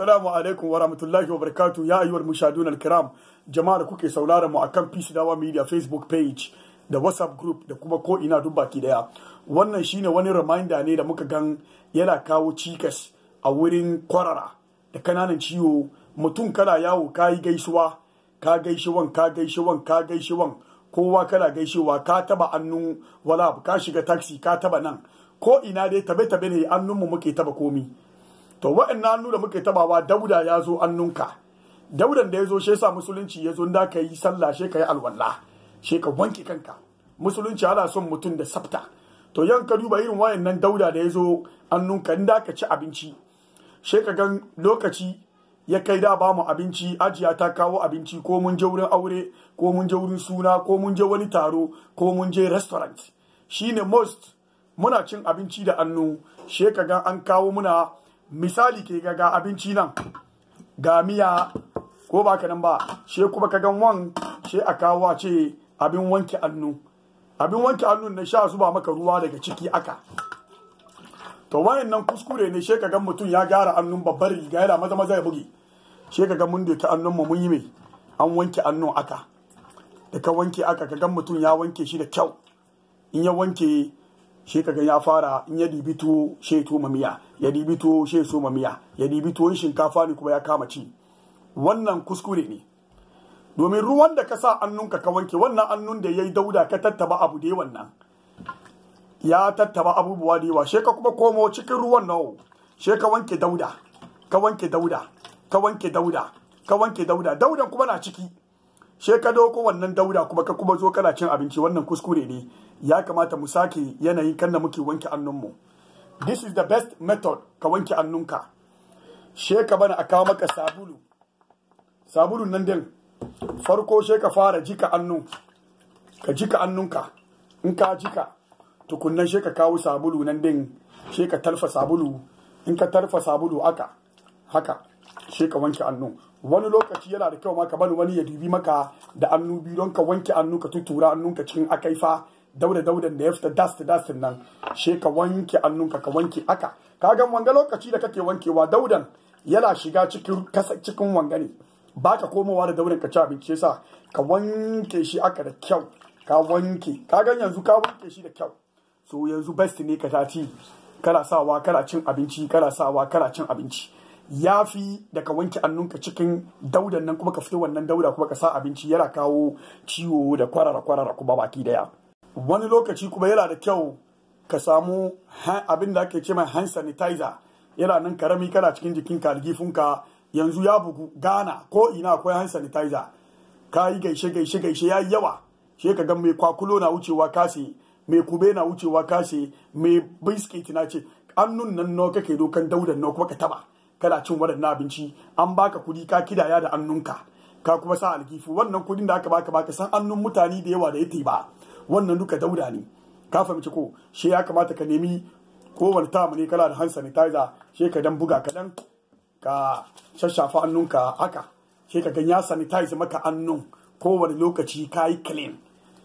Assalamu alaikum wa rahmatullahi wa barakatuh ya ayyuwar mushadun alkiram jama'a da kuke sauraron mu akan Peace Dawa Media Facebook page da WhatsApp group da kuma ko ina duk baki daya. Wannan shine wani reminder ne da muka gan yana kawo cikas a wurin kwarara da kananan ciwo mutum kana yawo ka gaisuwa ka wan ka wan ka wan kowa kana gaishewa ka taba annun wala ka shiga taxi ka taba nan ko ina dai tabe tabe ne annun mu muke taba komi to wa'annan hannu da muke tabawa dauda ya zo annunka daudan da ya zo shi yasa musulunci ya zo da ka yi sallah shi ka yi alwala shi ka wanke kanka musulunci ana son mutum da sabta to yan ka duba irin wayannan dauda da ya zo annunka in da ka ci abinci shi ka gan lokaci ya kai da ba mu abinci ajiya ta kawo abinci ko mun je wurin aure ko mun je wurin suna ko mun je wani taro ko mun je restaurant shine most muna cin abinci da annu shi ka ga an kawo muna misali ke ga abinci nan ga miya ko ba ka nan ba she kuma ka gan wan she a kawo a ce abin wanke hannu abin wanke annun na sha zuba maka ruwa daga ciki aka to wayannan kuskure ne she ka gan mutum ya gyara hannun babbar riga yana maza maza ya buge she ka gan mun ta hannun mu mun yi mai an wanke annu aka da ka wanke aka ka gan mutum ya wanke shi da kyau in ya wanke shi kaga ya fara in ya dibi tuwo shi mamiya miya ya dibi tuwo shi so mamiya ya dibi tuwon shinkafa ne kuma ya kama ci wannan kuskure ne domin ruwan da ka sa annunka ka wanke wannan annun da yayi dauda ka tattaba abu dai wannan ya tattaba abubuwa da yawa ka kuma komo cikin ruwan nawo ka wanke dauda ka wanke dauda ka wanke dauda ka wanke dauda daudan kuma na ciki she ka dauko wannan dauda kuma ka kuma zo kana cin abinci wannan kuskure ne ya kamata mu sake yanayin kan da muke wanke annunmu this is the best method ka wanke annunka she ka bana a kawo maka sabulu sabulu nan din farko she ka fara jika annu ka jika annunka in ka jika tukunnan she ka kawo sabulu nan din she ka talfa sabulu in ka tarfa sabulu aka haka she ka wanke annun. wani lokaci yana da kyau maka ka bani wani ya dubi maka da annu biyu don ka wanke annu ka tutura annunka cikin akaifa dauda daudan da ya fita dust dust nan she ka wanke annunka ka wanke aka kaga wanga lokaci da kake wankewa daudan yana shiga cikin kasa cikin wanga ne Ba ka komawa da daudan ka ci abinci yasa ka wanke shi aka da kyau ka wanke kaga yanzu ka wanke shi da kyau so yanzu best ne ka tati kana sawa kana cin abinci kana sawa kana cin abinci ya fi da ka wanke annunka cikin daudan nan kuma ka fito wannan dauda kuma ka sa abinci yana kawo ciwo da kwarara kwarara kuma baki daya wani lokaci kuma yana da kyau ka samu abin da ake ce mai hand sanitizer yana nan karami kana cikin jikin kalgifinka yanzu ya bugu gana ko ina akwai hand sanitizer ka yi gaishe gaishe gaishe ya yi yawa shi ka ga mai kwakulo na wucewa kase mai kube na wucewa kase mai biskit na ce annun nan nawa kake dokan daudan nawa kuma ka taba kana cin waɗannan abinci an baka kuɗi ka kidaya da annunka ka kuma sa alkifu wannan kuɗin da aka baka baka san annun mutane da yawa da ya ba wannan duka dauda ne ka fahimci ko shi ya kamata ka nemi kowane tamu ne kana da hand sanitizer shi ka dan buga dan ka shashafa annunka haka shi ka ganya ya sanitize maka annun kowane lokaci ka yi clean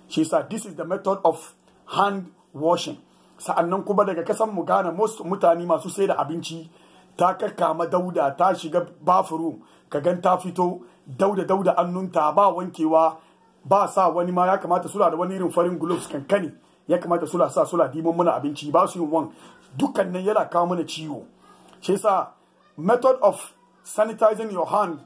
shi sa this is the method of hand washing sa'annan kuma daga kasan mu gane most mutane masu sai da abinci ta kakkama dauda ta shiga bathroom ka gan ta fito dauda dauda annunta ba wankewa ba sa wani ma ya kamata sula da wani irin farin gloves kankani ya kamata sula sa sula dimon mana abinci ba su yin wan dukkan nan yana kawo mana ciwo shi yasa method of sanitizing your hand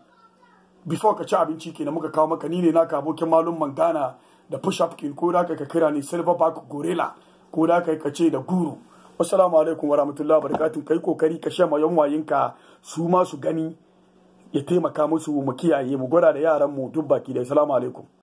before ka ci abinci kenan muka kawo maka ni ne naka abokin malum mangana da push up kin ko da ka kira ni silverback gorilla ko da ka ce da guru assalamu alaikum wa rahmatullahi wa barakatun kai kokari ka shema yan wayinka su ma su gani ya taimaka musu mu kiyaye mu gwada da yaran mu duk baki da assalamu alaikum